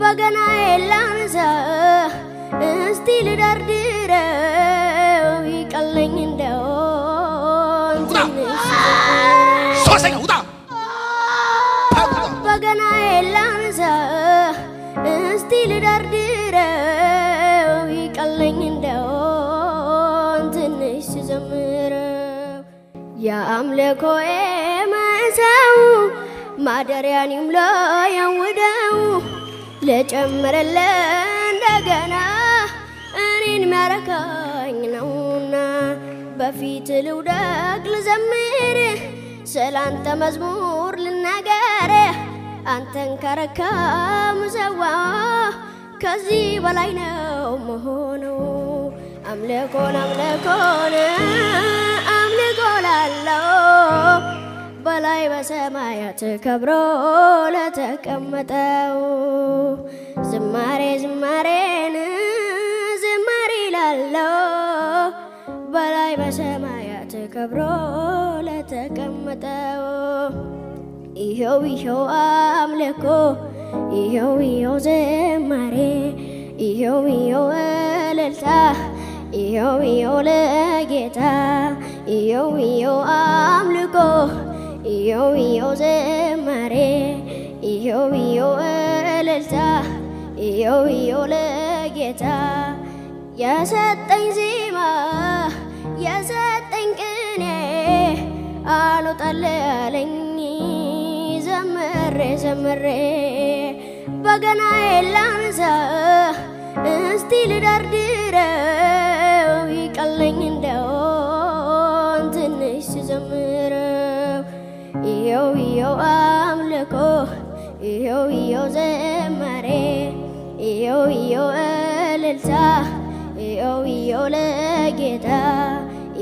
በገናዬን ላንሳ እስቲ ልደርድረው ይቀለኝ እንደው በገናዬን ላንሳ እስቲ ልደርድረው ይቀለኝ እንደው ትንሽ ስዘምረው የአምልኮዬ መሰው ማደሪያን ይምለው የውደው ለጨመረለን እንደገና እኔን ሚያረካኝ ነውና በፊት ልውደቅ ልዘምር ስላንተ መዝሙር ልናገር አንተን ከረካም ዘዋ ከዚህ በላይ ነው መሆኑ አምልኮን አምልኮን አምልኮ ላለው በላይ በሰማያት ከብሮ ለተቀመጠው ዝማሬ ዝማሬን ዝማሬ ላለው በላይ በሰማያት ከብሮ ለተቀመጠው ይኸው ይኸው አምልኮ ይኸው ይኸው ዝማሬ ይኸው ይኸው እልልታ ይኸው ይኸው ለጌታ ይኸው ይኸው አምልኮ ኢዮው ኢዮው ዘማሬ ኢዮው ኢዮው እልልታ ኢዮው ኢዮው ለጌታ የሰጠኝ ዜማ የሰጠኝ ቅኔ አልወጣል ያለኝ ዘምሬ ዘምሬ በገናዬ ላንሳ እስቲ ልደርድረው ይቀለኝ እንደው ይኸው ይኸው አምልኮ ይኸው ይኸው ዝማሬ ይኸው ይኸው እልልታ ይኸው ይኸው ለጌታ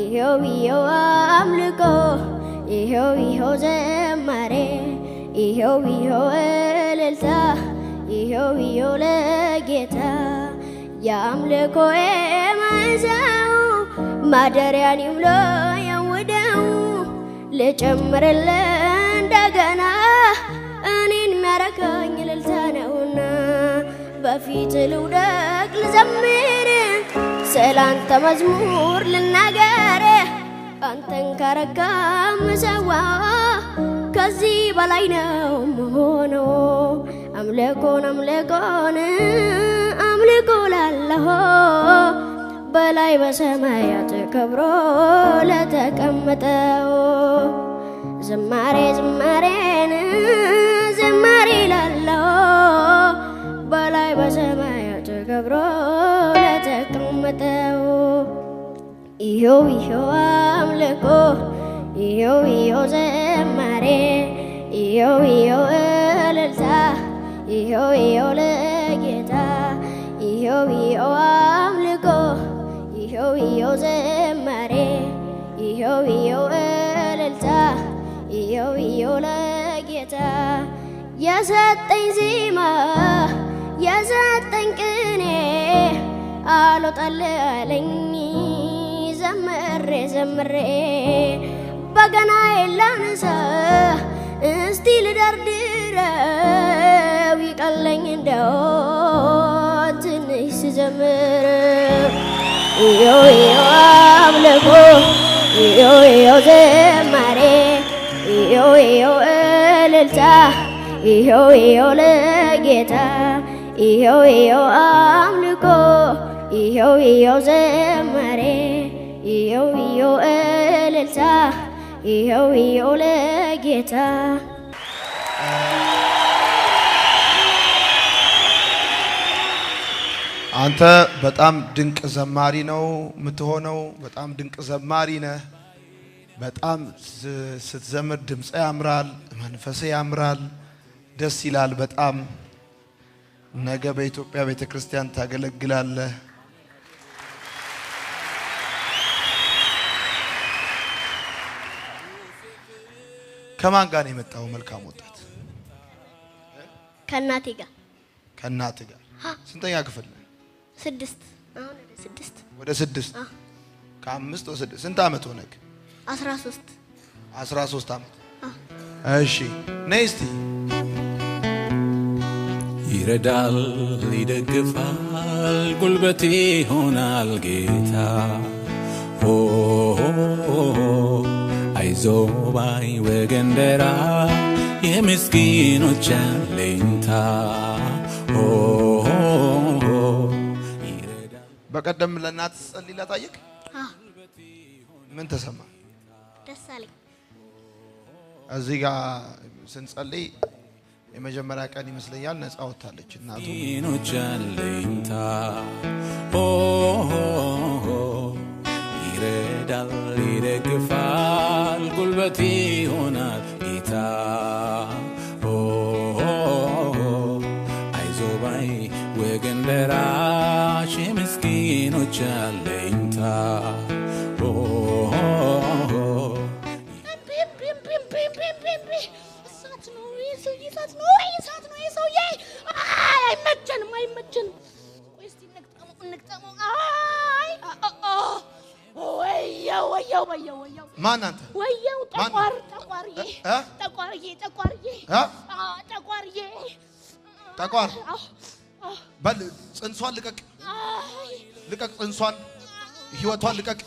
ይኸው ይኸው አምልኮ ይኸው ይኸው ዝማሬ ይኸው ይኸው እልልታ ይኸው ይኸው ለጌታ የአምልኮዬ መሰው ማደሪያን ይምሎ የውደው ልጨምርለት በፊት ልውደቅ ልዘምር ስላንተ መዝሙር ልናገር አንተን ከረካ ምሰዋ ከዚህ በላይ ነው መሆኖ አምልኮን አምልኮን አምልኮ ላለሆ በላይ በሰማያት ከብሮ ለተቀመጠው ዝማሬ ዝማሬን ዝማሬ ላለ በሰማያት ተከብሮ ለተቀመጠው ይኸው ይኸው አምልኮ ይኸው ይኸው ዘማሬ ይኸው ይኸው እልልታ ይኸው ይኸው ለጌታ ይኸው ይኸው አምልኮ ይኸው ይኸው ዘማሬ ይኸው ይኸው እልልታ ይኸው ይኸው ለጌታ የሰጠኝ ዜማ የዘጠኝ ቅኔ አልወጣልኝ ዘምሬ ዘምሬ በገና የላንሳ እስቲ ልደርድረው ይቀለኝ እንደው ትንሽ ስዘምር ይኸው አምልኮ ይኸው ዘማሬ ይኸው እልልታ ይኸው ይኸው ለጌታ ይኸው ይኸው አምልኮ ይኸው ይኸው ዘመሬ ይኸው ይኸው እልልታ ይኸው ይኸው ለጌታ አንተ በጣም ድንቅ ዘማሪ ነው የምትሆነው። በጣም ድንቅ ዘማሪ ነህ። በጣም ስትዘምር ድምፅ ያምራል፣ መንፈስ ያምራል፣ ደስ ይላል በጣም ነገ በኢትዮጵያ ቤተ ክርስቲያን ታገለግላለህ። ከማን ጋር ነው የመጣው? መልካም ወጣት ከእናቴ ጋር ከእናቴ ጋር። ስንተኛ ክፍል? ስድስት ስድስት ወደ ስድስት ከአምስት ወስድስት ስንት ዓመት ሆነህ? አስራ ሶስት አስራ ሶስት ዓመት። እሺ ነይ እስቲ ይረዳል፣ ይደግፋል፣ ጉልበት ይሆናል ጌታ። ኦ አይዞ ባይ ወገን ደራ የምስኪኖች አለኝታ። በቀደም ለእናት ጸልይ ላታየክ ምን ተሰማ? ደስ አለኝ። እዚህ ጋር ስንጸልይ የመጀመሪያ ቀን ይመስለኛል ነፃ ወታለች እናቱ ኖቻለኝታ ይረዳል ይደግፋል ጉልበት ይሆናል ጌታ አይዞባይ ወገን ደራሽ ምስኪኖች አለኝታ ተቋር በል ጽንሷን ልቀቅ፣ ልቀቅ፣ ጽንሷን ህይወቷን ልቀቅ።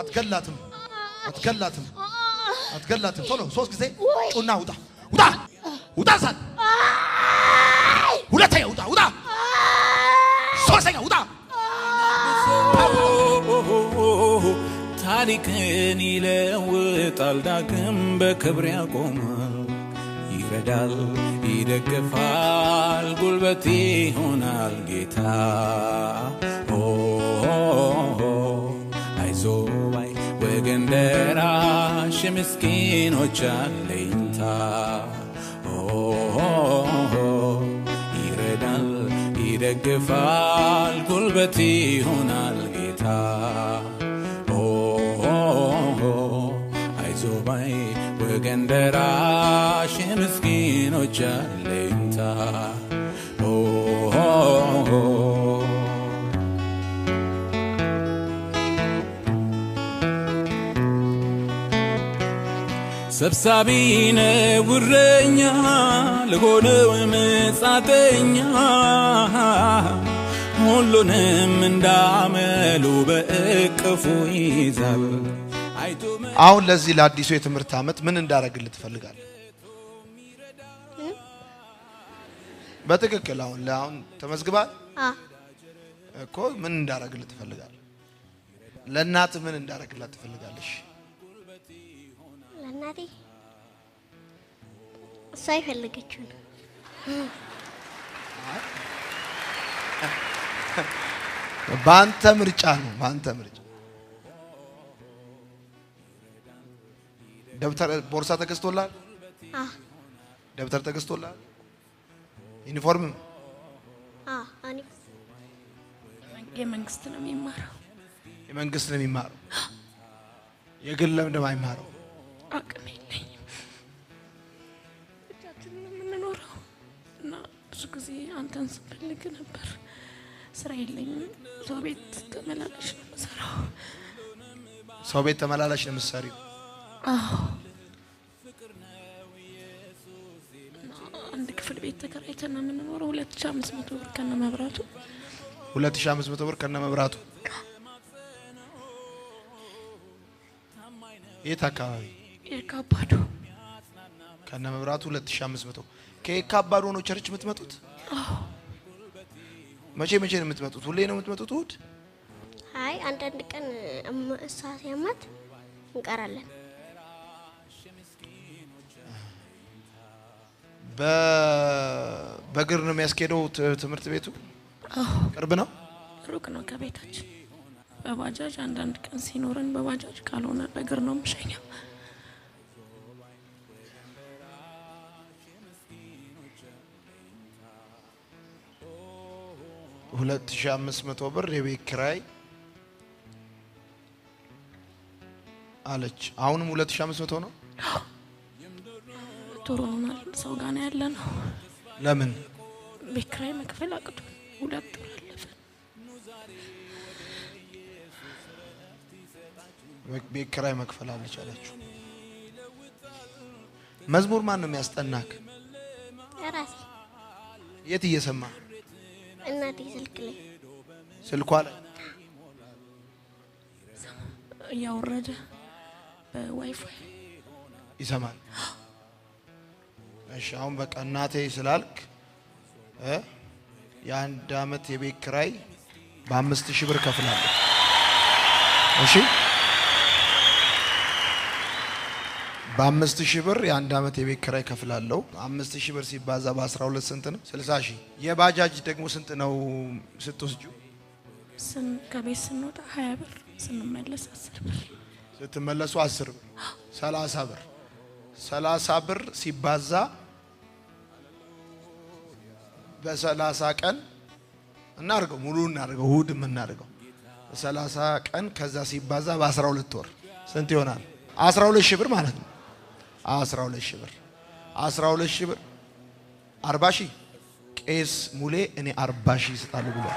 አትገላትም፣ አትገላትም፣ አትገላትም። ቶሎ ሶስት ጊዜ ጩና ውጣ፣ ውጣ፣ ውጣ፣ ሳት ሁለተኛ ውጣ፣ ውጣ፣ ሶስተኛ ውጣ። ታሪክን ይለውጣል ዳግም በክብር ያቆማል። ይረዳል፣ ይደግፋል፣ ጉልበት ይሆናል ጌታ አይዞ ባይ ወገን ደራሽ ምስኪኖች አለኝታ ይረዳል፣ ይደግፋል፣ ጉልበት ይሆናል ጌታ አይዞ ባይ በገንደራሽ ምስኪኖች አለኝታ ሰብሳቢ ነውረኛ ለሆነው መጻተኛ ሁሉንም እንዳመሉ በእቅፉ ይዛል አሁን ለዚህ ለአዲሱ የትምህርት ዓመት ምን እንዳደረግልህ ትፈልጋለህ? በትክክል አሁን ለአሁን ተመዝግባል እኮ ምን እንዳደረግልህ ትፈልጋለህ? ለእናት ምን እንዳደረግላት ትፈልጋለሽ? ለእናቴ እሷ የፈለገችው ነው። በአንተ ምርጫ ነው። በአንተ ምርጫ ደብተር ቦርሳ ተገዝቶላል፣ ደብተር ተገዝቶላል፣ ዩኒፎርም የመንግስት ነው የሚማረው። የመንግስት ነው የሚማረው። የግል ለምን አይማረው? አቅም የለኝም። ብቻችን ነው የምንኖረው እና ብዙ ጊዜ አንተን ስፈልግ ነበር። ስራ የለኝም። ሰው ቤት ተመላላሽ ነው የምሰራው። ሰው ቤት ተመላላሽ ነው የምትሰሪው? አዎ ክፍል ቤት ተከራይተን ነው የምንኖረው። ሁለት ሺህ አምስት መቶ ብር ከነ መብራቱ ሁለት አምስት መቶ ብር ከነ መብራቱ። የት አካባቢ? የካ አባዶ ከነ መብራቱ ሁለት ሺህ አምስት መቶ አባዶ ነው ቸርች የምትመጡት? መቼ መቼ ነው የምትመጡት? ሁሌ ነው የምትመጡት? ውድ አይ አንዳንድ ቀን እሳ ሲያማት እንቀራለን። በ በእግር ነው የሚያስኬደው ትምህርት ቤቱ ቅርብ ነው ሩቅ ነው ከቤታችን በባጃጅ አንዳንድ ቀን ሲኖረን በባጃጅ ካልሆነ በእግር ነው የምሸኘው ሁለት ሺህ አምስት መቶ ብር የቤት ኪራይ አለች አሁንም ሁለት ሺህ አምስት መቶ ነው ቶሮናል ሰው ጋር ነው ያለ ነው ለምን ቤት ኪራይ መክፈል አቅቶ ሁለት ወር አለፈ። ቤት ኪራይ መክፈል አልቻለችው። መዝሙር ማን ነው የሚያስጠናክ? ራሴ። የት እየሰማ? እናቴ ስልክ ላይ ስልኳ ላይ እያወረደ በዋይፋይ ይሰማል። እሺ አሁን በቃ እናቴ ስላልክ የአንድ አመት የቤት ክራይ በአምስት ሺህ ብር ከፍላለሁ። እሺ በአምስት ሺህ ብር የአንድ አመት የቤት ክራይ ከፍላለሁ። አምስት ሺህ ብር ሲባዛ በአስራ ሁለት ስንት ነው? ስልሳ ሺህ የባጃጅ ደግሞ ስንት ነው ስትወስጁ? ከቤት ስንወጣ ሀያ ብር ስንመለስ አስር ብር ስትመለሱ አስር ብር ሰላሳ ብር ሰላሳ ብር ሲባዛ በሰላሳ ቀን እናርገው ሙሉ እናርገው እሑድ የምናድርገው በሰላሳ ቀን ከዛ ሲባዛ በአስራ ሁለት ወር ስንት ይሆናል? አስራ ሁለት ሺህ ብር ማለት ነው። አስራ ሁለት ሺህ ብር አስራ ሁለት ሺህ ብር አርባ ሺህ ቄስ ሙሌ እኔ አርባ ሺህ ይስጣሉ ብሏል።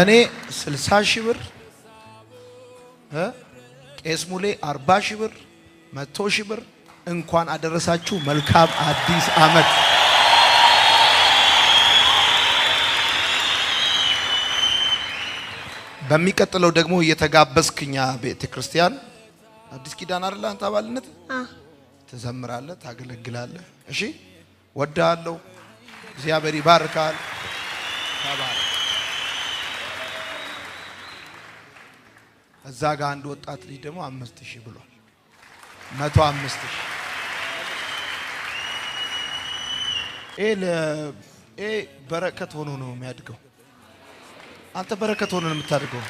እኔ ስልሳ ሺህ ብር ቄስ ሙሌ አርባ ሺህ ብር መቶ ሺህ ብር እንኳን አደረሳችሁ። መልካም አዲስ ዓመት። በሚቀጥለው ደግሞ እየተጋበዝክኛ ቤተ ክርስቲያን አዲስ ኪዳን አይደለ አንተ አባልነት ትዘምራለህ፣ ታገለግላለህ። እሺ ወዳለው እግዚአብሔር ይባርካል። እዛ ጋር አንድ ወጣት ልጅ ደግሞ አምስት ሺህ ብሏል። መቶ አምስት ይሄ በረከት ሆኖ ነው የሚያድገው። አንተ በረከት ሆኖ ነው የምታድገው።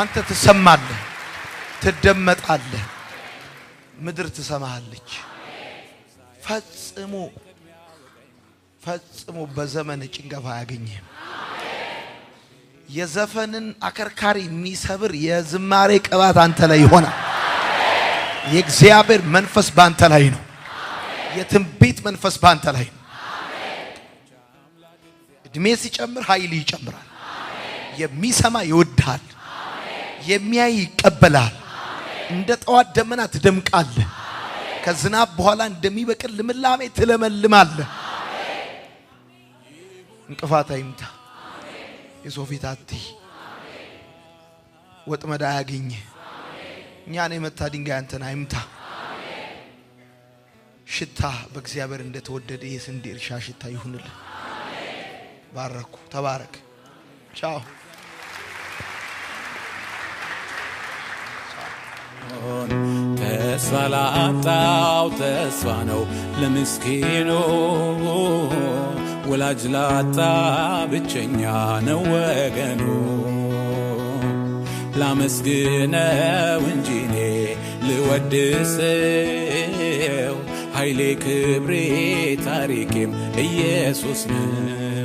አንተ ትሰማለህ፣ ትደመጣለህ፣ ምድር ትሰማሃለች። ፈጽሞ ፈጽሞ በዘመን ጭንገፋ አያገኝህም። የዘፈንን አከርካሪ የሚሰብር የዝማሬ ቅባት አንተ ላይ ይሆናል። የእግዚአብሔር መንፈስ በአንተ ላይ ነው። የትንቢት መንፈስ በአንተ ላይ ነው። እድሜ ሲጨምር ኃይል ይጨምራል። የሚሰማ ይወድሃል። የሚያይ ይቀበላል። እንደ ጠዋት ደመና ትደምቃለህ። ከዝናብ በኋላ እንደሚበቅል ልምላሜ ትለመልማለህ። እንቅፋት አይምታ፣ የሰው ፊት አትይ፣ ወጥመድ አያገኝህ። እኛን የመታ ድንጋይ አንተን አይምታ። ሽታ በእግዚአብሔር እንደተወደደ የስንዴ እርሻ ሽታ ይሁንልን። ባረኩ። ተባረክ። ቻው። ተስፋ ላጣው ተስፋ ነው ለምስኪኑ፣ ወላጅ ላጣ ብቸኛ ነው ወገኑ። ላመስግነው እንጂኔ ልወድሰው ኃይሌ ክብሬ ታሪኬም ኢየሱስ ነው።